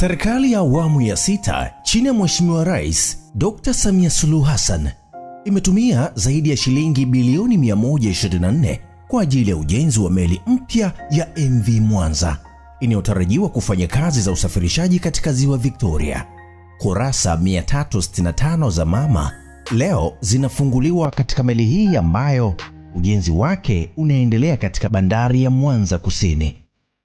Serikali ya awamu ya sita chini ya Mheshimiwa Rais Dr. Samia Suluhu Hassan imetumia zaidi ya shilingi bilioni 124 kwa ajili ya ujenzi wa meli mpya ya MV Mwanza inayotarajiwa kufanya kazi za usafirishaji katika Ziwa Victoria. Kurasa 365 za mama leo zinafunguliwa katika meli hii ambayo ujenzi wake unaendelea katika bandari ya Mwanza Kusini,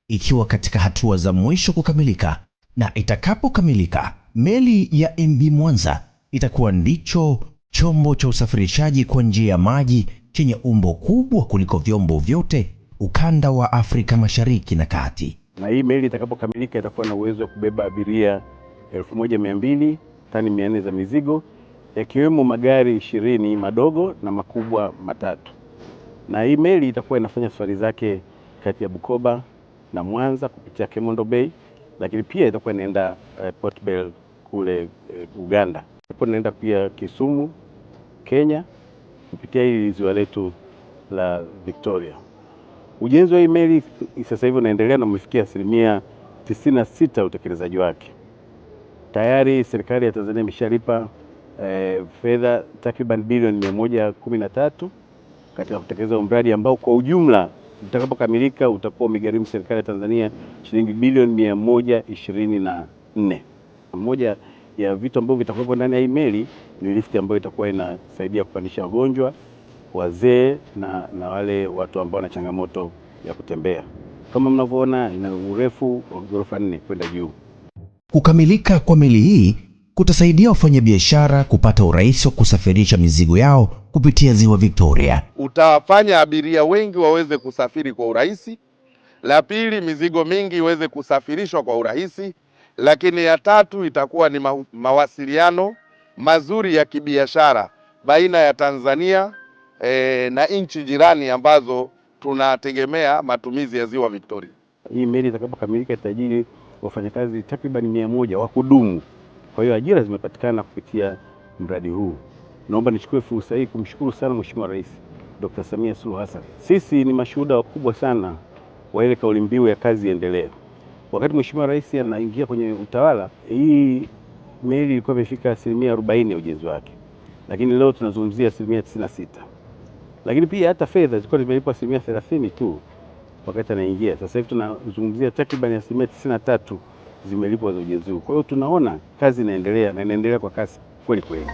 ikiwa katika hatua za mwisho kukamilika na itakapokamilika meli ya MV Mwanza itakuwa ndicho chombo cha usafirishaji kwa njia ya maji chenye umbo kubwa kuliko vyombo vyote ukanda wa Afrika Mashariki na Kati. Na hii meli itakapokamilika itakuwa na uwezo wa kubeba abiria 1200 tani 400 za mizigo yakiwemo magari ishirini madogo na makubwa matatu. Na hii meli itakuwa inafanya safari zake kati ya Bukoba na Mwanza kupitia Kemondo Bay lakini pia itakuwa inaenda uh, Port Bell kule uh, Uganda, itakuwa inaenda pia Kisumu Kenya kupitia hili ziwa letu la Victoria. Ujenzi wa hii meli sasa hivi unaendelea na umefikia asilimia tisini na sita utekelezaji wake. Tayari serikali ya Tanzania imeshalipa eh, fedha takriban bilioni mia moja kumi na tatu katika kutekeleza mradi ambao kwa ujumla utakapokamilika utakuwa umegharimu serikali ya Tanzania shilingi bilioni mia moja ishirini na nne. Moja ya vitu ambavyo vitakuwepo ndani ya hii meli ni lifti ambayo itakuwa inasaidia kupandisha wagonjwa, wazee na, na wale watu ambao na changamoto ya kutembea. Kama mnavyoona ina urefu wa ghorofa nne kwenda juu. Kukamilika kwa meli hii kutasaidia wafanyabiashara kupata urahisi wa kusafirisha mizigo yao kupitia ziwa Victoria. Utawafanya abiria wengi waweze kusafiri kwa urahisi. La pili, mizigo mingi iweze kusafirishwa kwa urahisi. Lakini ya tatu itakuwa ni ma mawasiliano mazuri ya kibiashara baina ya Tanzania e, na nchi jirani ambazo tunategemea matumizi ya ziwa Victoria. Hii meli itakapokamilika itajiri wafanyakazi takriban mia moja wa kudumu. Kwa hiyo ajira zimepatikana kupitia mradi huu. Naomba nichukue fursa hii kumshukuru sana Mheshimiwa Rais Dr. Samia Suluhu Hassan. Sisi ni mashuhuda wakubwa sana wa ile kauli mbiu ya kazi iendelee. Wakati Mheshimiwa Rais anaingia kwenye utawala, hii meli ilikuwa imefika asilimia arobaini ya ujenzi wake, lakini leo tunazungumzia asilimia tisini sita. Lakini pia hata fedha zilikuwa zimelipwa asilimia thelathini tu wakati anaingia, sasa hivi tunazungumzia takriban asilimia tisini tatu zimelipwa za ujenzi huu. Kwa hiyo tunaona kazi inaendelea na inaendelea kwa kasi kweli kweli.